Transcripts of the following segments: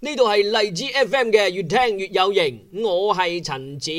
呢度係荔枝 FM 嘅，越聽越有型。我係陳子，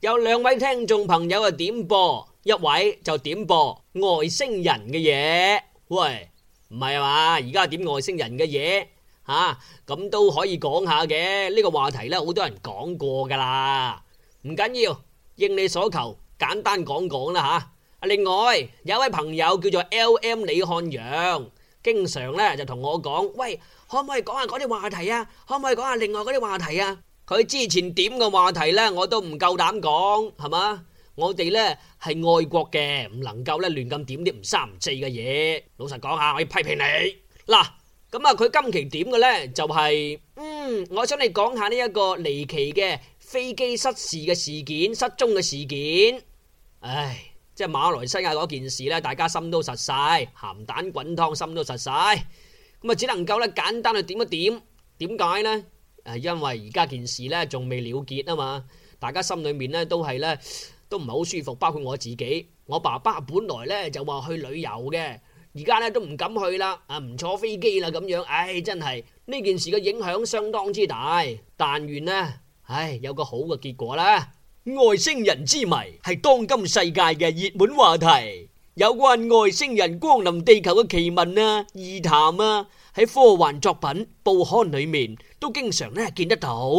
有兩位聽眾朋友又點播，一位就點播外星人嘅嘢。喂，唔係啊嘛，而家點外星人嘅嘢吓，咁、啊、都可以講下嘅呢、呢個話題咧，好多人講過噶啦，唔緊要，應你所求，簡單講講啦吓。另外有位朋友叫做 L M 李漢陽。經常咧就同我講，喂，可唔可以講下嗰啲話題啊？可唔可以講下另外嗰啲話題啊？佢之前點嘅話題呢，我都唔夠膽講，係嘛？我哋呢，係愛國嘅，唔能夠咧亂咁點啲唔三唔四嘅嘢。老實講下，我要批評你。嗱，咁啊，佢今期點嘅呢，就係，嗯，我想你講下呢一個離奇嘅飛機失事嘅事件，失蹤嘅事件。唉。即係馬來西亞嗰件事咧，大家心都實晒，鹹蛋滾湯心都實晒，咁啊只能夠咧簡單去點一點，點解咧？誒，因為而家件事咧仲未了結啊嘛，大家心裏面咧都係咧都唔係好舒服，包括我自己，我爸爸本來咧就話去旅遊嘅，而家咧都唔敢去啦，啊唔坐飛機啦咁樣，唉，真係呢件事嘅影響相當之大，但願咧，唉有個好嘅結果啦。外星人之謎係當今世界嘅熱門話題，有關外星人光臨地球嘅奇聞啊、異談啊，喺科幻作品、報刊裏面都經常咧見得到。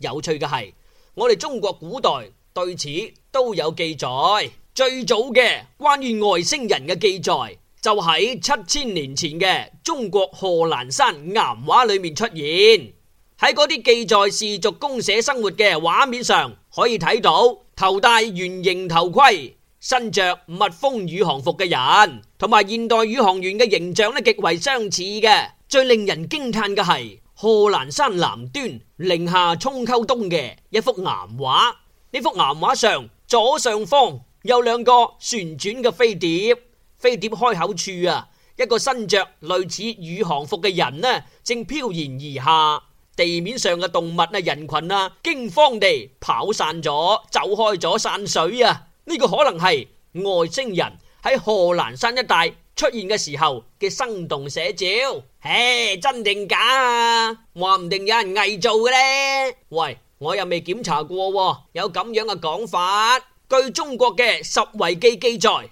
有趣嘅係，我哋中國古代對此都有記載。最早嘅關於外星人嘅記載就喺七千年前嘅中國賀蘭山岩畫裏面出現。喺嗰啲記載氏族公社生活嘅畫面上。可以睇到頭戴圓形頭盔、身着密封宇航服嘅人，同埋現代宇航員嘅形象呢極為相似嘅。最令人驚嘆嘅係賀蘭山南端寧夏沖溝東嘅一幅岩畫，呢幅岩畫上左上方有兩個旋轉嘅飛碟，飛碟開口處啊，一個身着類似宇航服嘅人呢正飄然而下。地面上嘅動物啊、人群啊，驚慌地跑散咗，走開咗散水啊！呢、這個可能係外星人喺賀蘭山一帶出現嘅時候嘅生動寫照。唉，真定假啊？話唔定有人偽造嘅呢。喂，我又未檢查過、啊，有咁樣嘅講法。據中國嘅《拾遺記》記載，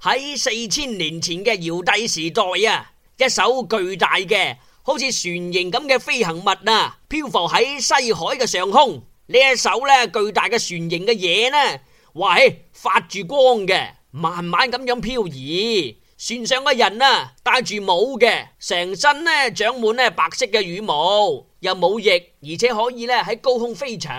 喺四千年前嘅堯帝時代啊，一艘巨大嘅。好似船型咁嘅飛行物啊，漂浮喺西海嘅上空。呢一艘咧巨大嘅船型嘅嘢呢，喂發住光嘅，慢慢咁樣漂移。船上嘅人啊，戴住帽嘅，成身呢長滿呢白色嘅羽毛，又冇翼，而且可以咧喺高空飛翔。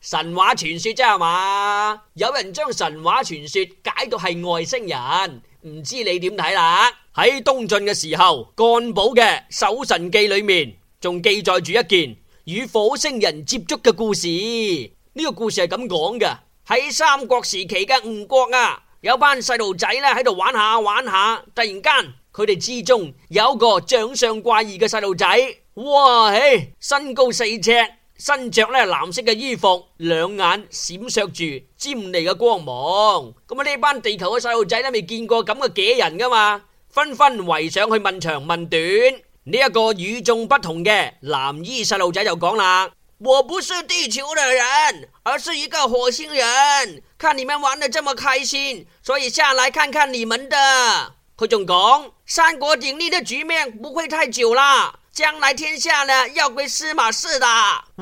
神話傳說啫係嘛，有人將神話傳說解讀係外星人。唔知你點睇啦？喺東晉嘅時候，干寶嘅《搜神記》裏面仲記載住一件與火星人接觸嘅故事。呢個故事係咁講嘅：喺三國時期嘅吳國啊，有班細路仔咧喺度玩下玩下，突然間佢哋之中有一個長相怪異嘅細路仔，哇嘿，身高四尺。身着呢藍色嘅衣服，兩眼閃爍住尖利嘅光芒。咁啊，呢班地球嘅細路仔呢未見過咁嘅嘅人噶嘛，紛紛圍上去問長問短。呢、這、一個與眾不同嘅藍衣細路仔就講啦：我不是地球嘅人，而是一個火星人。看你們玩得這麼開心，所以下來看看你們的。佢仲講：三國鼎立的局面不會太久啦。將來天下呢，要歸司馬氏的。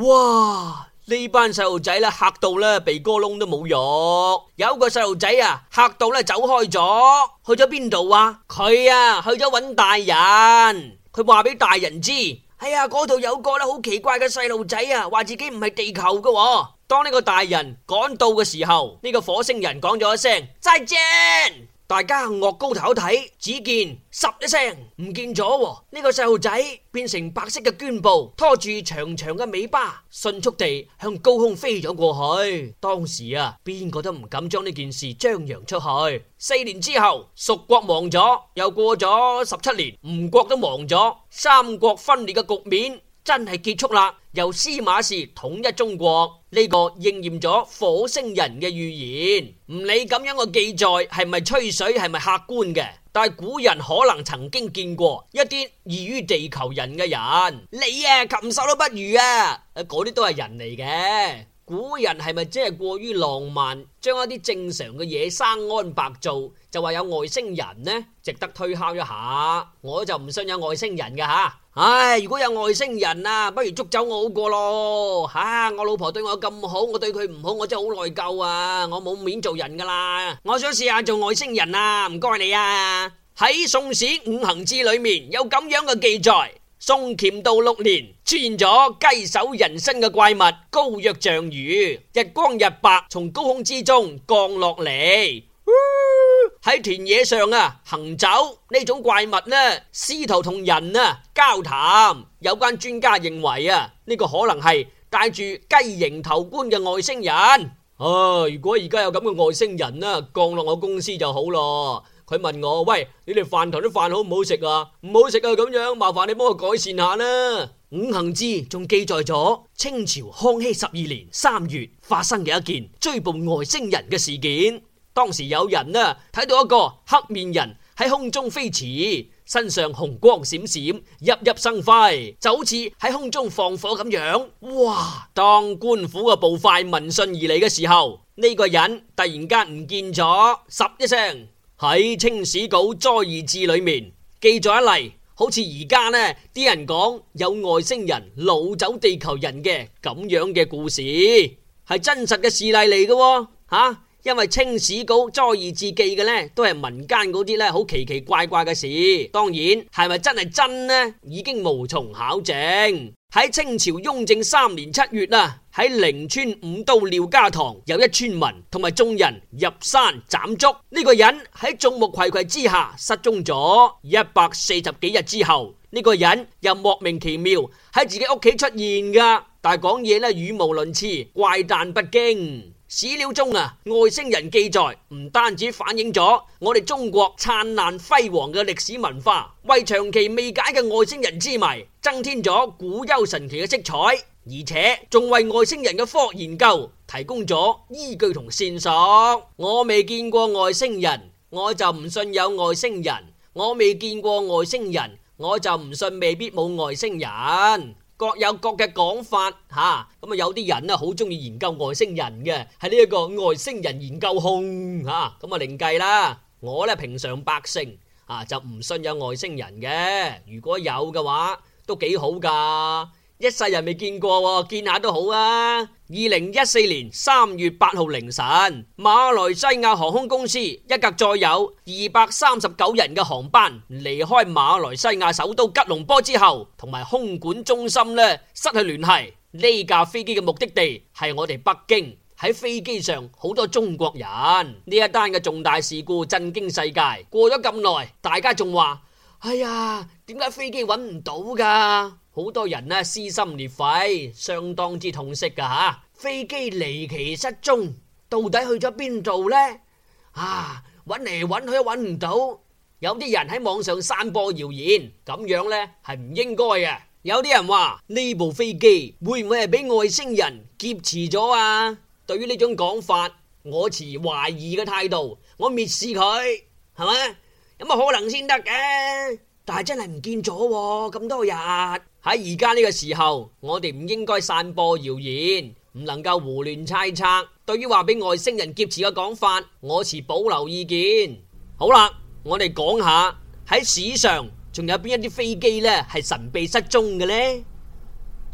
哇！呢班細路仔啦，吓到啦，鼻哥窿都冇肉。有個細路仔啊吓到啦，走開咗，去咗邊度啊？佢啊去咗揾大人，佢話俾大人知。哎呀，嗰度有個啦，好奇怪嘅細路仔啊，話自己唔係地球噶喎。當呢個大人趕到嘅時候，呢個火星人講咗一聲再見。大家昂高頭睇，只見「十」一聲唔見咗，呢個細路仔變成白色嘅絹布，拖住長長嘅尾巴，迅速地向高空飛咗過去。當時啊，邊個都唔敢將呢件事張揚出去。四年之後，蜀國亡咗，又過咗十七年，吳國都亡咗，三國分裂嘅局面。真係結束啦！由司馬氏統一中國，呢個應驗咗火星人嘅預言。唔理咁樣嘅記載係咪吹水，係咪客觀嘅？但係古人可能曾經見過一啲異於地球人嘅人，你啊禽獸都不如啊！嗰啲都係人嚟嘅。古人係咪真係過於浪漫，將一啲正常嘅嘢生安白做，就話有外星人呢？值得推敲一下。我就唔信有外星人嘅吓。唉，如果有外星人啊，不如捉走我好過咯。吓、啊，我老婆對我咁好，我對佢唔好，我真係好內疚啊！我冇面做人噶啦。我想試下做外星人啊！唔該你啊。喺《宋史五行志》裏面有咁樣嘅記載。宋朝乾到六年，出現咗雞首人身嘅怪物，高若象魚，日光日白從高空之中降落嚟，喺田野上啊行走。呢種怪物呢，試圖同人啊交談。有關專家認為啊，呢、呢個可能係帶住雞形頭冠嘅外星人。唉、啊，如果而家有咁嘅外星人啊降落我公司就好咯。佢問我：喂，你哋飯堂啲飯好唔好食啊？唔好食啊！咁樣麻煩你幫我改善下啦。五行志仲記載咗清朝康熙十二年三月發生嘅一件追捕外星人嘅事件。當時有人啊睇到一個黑面人喺空中飛馳，身上紅光閃閃，熠熠生輝，就好似喺空中放火咁樣。哇！當官府嘅捕快聞訊而嚟嘅時候，呢個人突然間唔見咗，十一聲。喺《清史稿災異志》裏面記載一例，好似而家呢啲人講有外星人擄走地球人嘅咁樣嘅故事，係真實嘅事例嚟嘅吓。因為《清史稿災異志記》嘅呢都係民間嗰啲呢好奇奇怪怪嘅事，當然係咪真係真呢，已經無從考證。喺清朝雍正三年七月啊。喺靈川五都廖家塘，有一村民同埋眾人入山斬竹，呢、這個人喺眾目睽睽之下失蹤咗一百四十幾日之後，呢、這個人又莫名其妙喺自己屋企出現噶，但係講嘢咧，語無倫次、怪誕不經。史料中啊，外星人記載唔單止反映咗我哋中國燦爛輝煌嘅歷史文化，為長期未解嘅外星人之謎增添咗古幽神奇嘅色彩。而且仲為外星人嘅科學研究提供咗依據同線索。我未見過外星人，我就唔信有外星人。我未見過外星人，我就唔信未必冇外星人。各有各嘅講法，吓，咁啊有啲人啊好中意研究外星人嘅，喺呢一個外星人研究控吓，咁啊另計啦。我呢平常百姓啊就唔信有外星人嘅。如果有嘅話，都幾好噶。一世人未見過，見下都好啊！二零一四年三月八號凌晨，馬來西亞航空公司一架載有二百三十九人嘅航班離開馬來西亞首都吉隆坡之後，同埋空管中心呢失去聯繫。呢架飛機嘅目的地係我哋北京，喺飛機上好多中國人。呢一單嘅重大事故震驚世界。過咗咁耐，大家仲話：哎呀，點解飛機揾唔到㗎？好多人呢，撕心裂肺，相當之痛惜噶吓。飛機離奇失蹤，到底去咗邊度呢？啊，揾嚟揾去都揾唔到。有啲人喺網上散播謠言，咁樣呢，係唔應該嘅。有啲人話呢部飛機會唔會係俾外星人劫持咗啊？對於呢種講法，我持懷疑嘅態度，我蔑視佢，係咪？有乜可能先得嘅？但係真係唔見咗咁、啊、多日。喺而家呢個時候，我哋唔應該散播謠言，唔能夠胡亂猜測。對於話俾外星人劫持嘅講法，我持保留意見。好啦，我哋講下喺史上仲有邊一啲飛機呢係神秘失蹤嘅呢？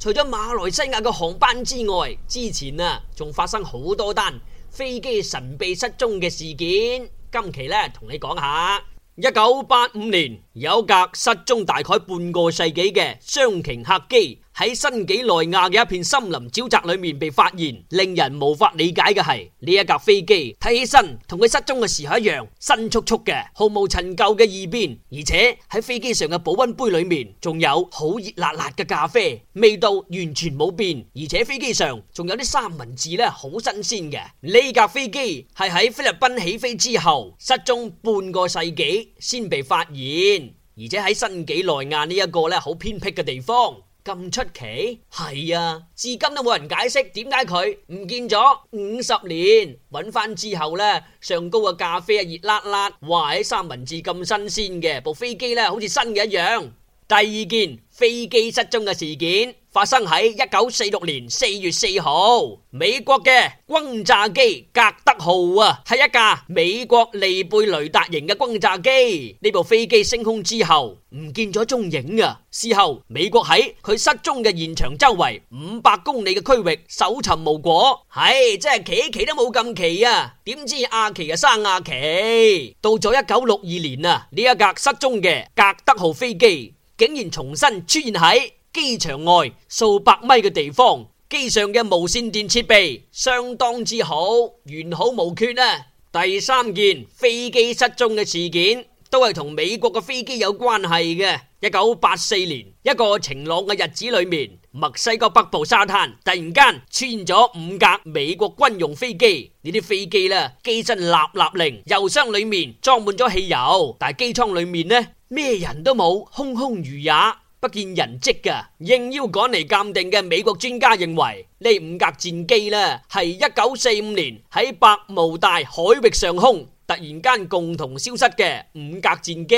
除咗馬來西亞嘅航班之外，之前啊仲發生好多單飛機神秘失蹤嘅事件。今期呢，同你講下。一九八五年有一架失蹤大概半個世紀嘅雙擎客機。喺新幾內亞嘅一片森林沼澤裏面被發現，令人無法理解嘅係，呢一架飛機睇起身同佢失蹤嘅時候一樣新簇簇嘅，毫無陳舊嘅異變。而且喺飛機上嘅保温杯裏面仲有好熱辣辣嘅咖啡，味道完全冇變。而且飛機上仲有啲三文治呢，好新鮮嘅。呢架飛機係喺菲律賓起飛之後失蹤半個世紀先被發現，而且喺新幾內亞呢一個咧好偏僻嘅地方。咁出奇係啊！至今都冇人解釋點解佢唔見咗五十年，搵返之後呢，上高嘅咖啡啊熱辣辣，哇喺三文治咁新鮮嘅，部飛機呢，好似新嘅一樣。第二件飛機失蹤嘅事件。發生喺一九四六年四月四號，美國嘅轟炸機格德號啊，係一架美國利貝雷達型嘅轟炸機。呢部飛機升空之後唔見咗蹤影啊！事後美國喺佢失蹤嘅現場周圍五百公里嘅區域搜尋無果，係真係奇奇都冇咁奇啊！點知阿奇啊生阿奇，到咗一九六二年啊，呢一架失蹤嘅格德號飛機竟然重新出現喺機場外數百米嘅地方，機上嘅無線電設備相當之好，完好無缺呢啊。第三件飛機失蹤嘅事件都係同美國嘅飛機有關係嘅。一九八四年一個晴朗嘅日子裏面，墨西哥北部沙灘突然間穿咗五架美國軍用飛機。呢啲飛機呢，機身立立令，油箱裏面裝滿咗汽油，但係機艙裏面呢咩人都冇，空空如也。不見人迹㗎應邀趕嚟鑒定嘅美國專家認為呢五架戰機呢係一九四五年喺百慕大海域上空突然間共同消失嘅五架戰機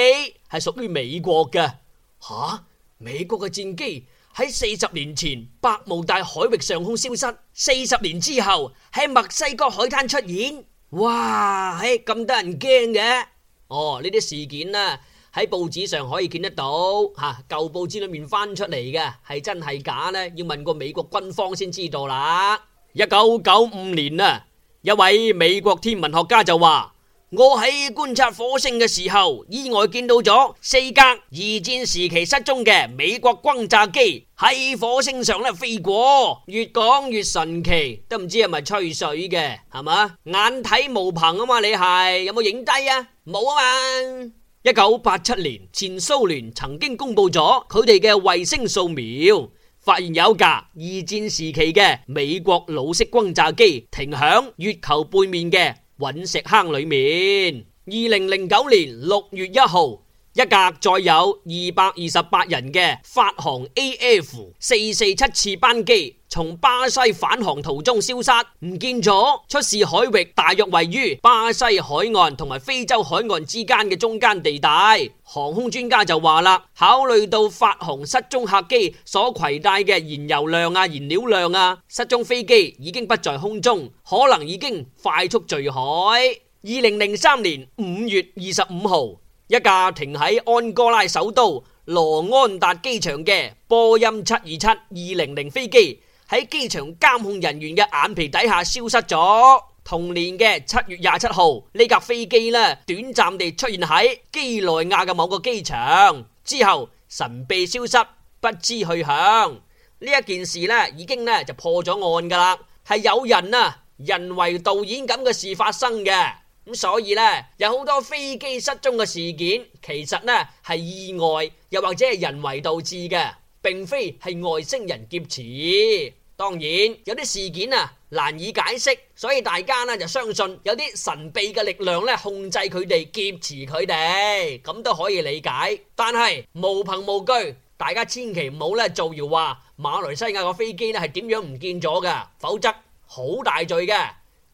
係屬於美國嘅吓美國嘅戰機喺四十年前百慕大海域上空消失四十年之後喺墨西哥海灘出現哇嘿咁得人驚嘅哦呢啲事件啦、啊。喺報紙上可以見得到，吓、啊、舊報紙裏面翻出嚟嘅係真係假呢？要問個美國軍方先知道啦。一九九五年啊，一位美國天文學家就話：我喺觀察火星嘅時候，意外見到咗四架二戰時期失蹤嘅美國轟炸機喺火星上咧飛過。越講越神奇，都唔知係咪吹水嘅，係嘛？眼睇無憑啊嘛，你係，有冇影低啊？冇啊嘛。一九八七年，前蘇聯曾經公布咗佢哋嘅衛星掃描，發現有一架二戰時期嘅美國老式轟炸機停響月球背面嘅隕石坑裏面。二零零九年六月一號。一架載有二百二十八人嘅法航 AF 四四七次班機從巴西返航途中消失，唔見咗。出事海域大約位於巴西海岸同埋非洲海岸之間嘅中間地帶。航空專家就話啦，考慮到法航失蹤客機所携帶嘅燃油量啊、燃料量啊，失蹤飛機已經不在空中，可能已經快速墜海。二零零三年五月二十五號。一架停喺安哥拉首都羅安達機，機場嘅波音七二七二零零飛機喺機場監控人員嘅眼皮底下消失咗。同年嘅七月廿七號，呢架飛機呢，短暫地出現喺基內亞嘅某個機場，之後神秘消失，不知去向。呢一件事呢已經呢就破咗案㗎喇，係有人啊，人為導演咁嘅事發生嘅。咁所以呢，有好多飛機失蹤嘅事件，其實呢係意外，又或者係人為導致嘅，並非係外星人劫持。當然有啲事件啊難以解釋，所以大家呢就相信有啲神秘嘅力量呢控制佢哋劫持佢哋，咁都可以理解。但係無憑無據，大家千祈唔好呢造謠話馬來西亞個飛機呢係點樣唔見咗㗎，否則好大罪嘅。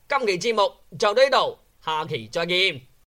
今期節目就到呢度。下期再見。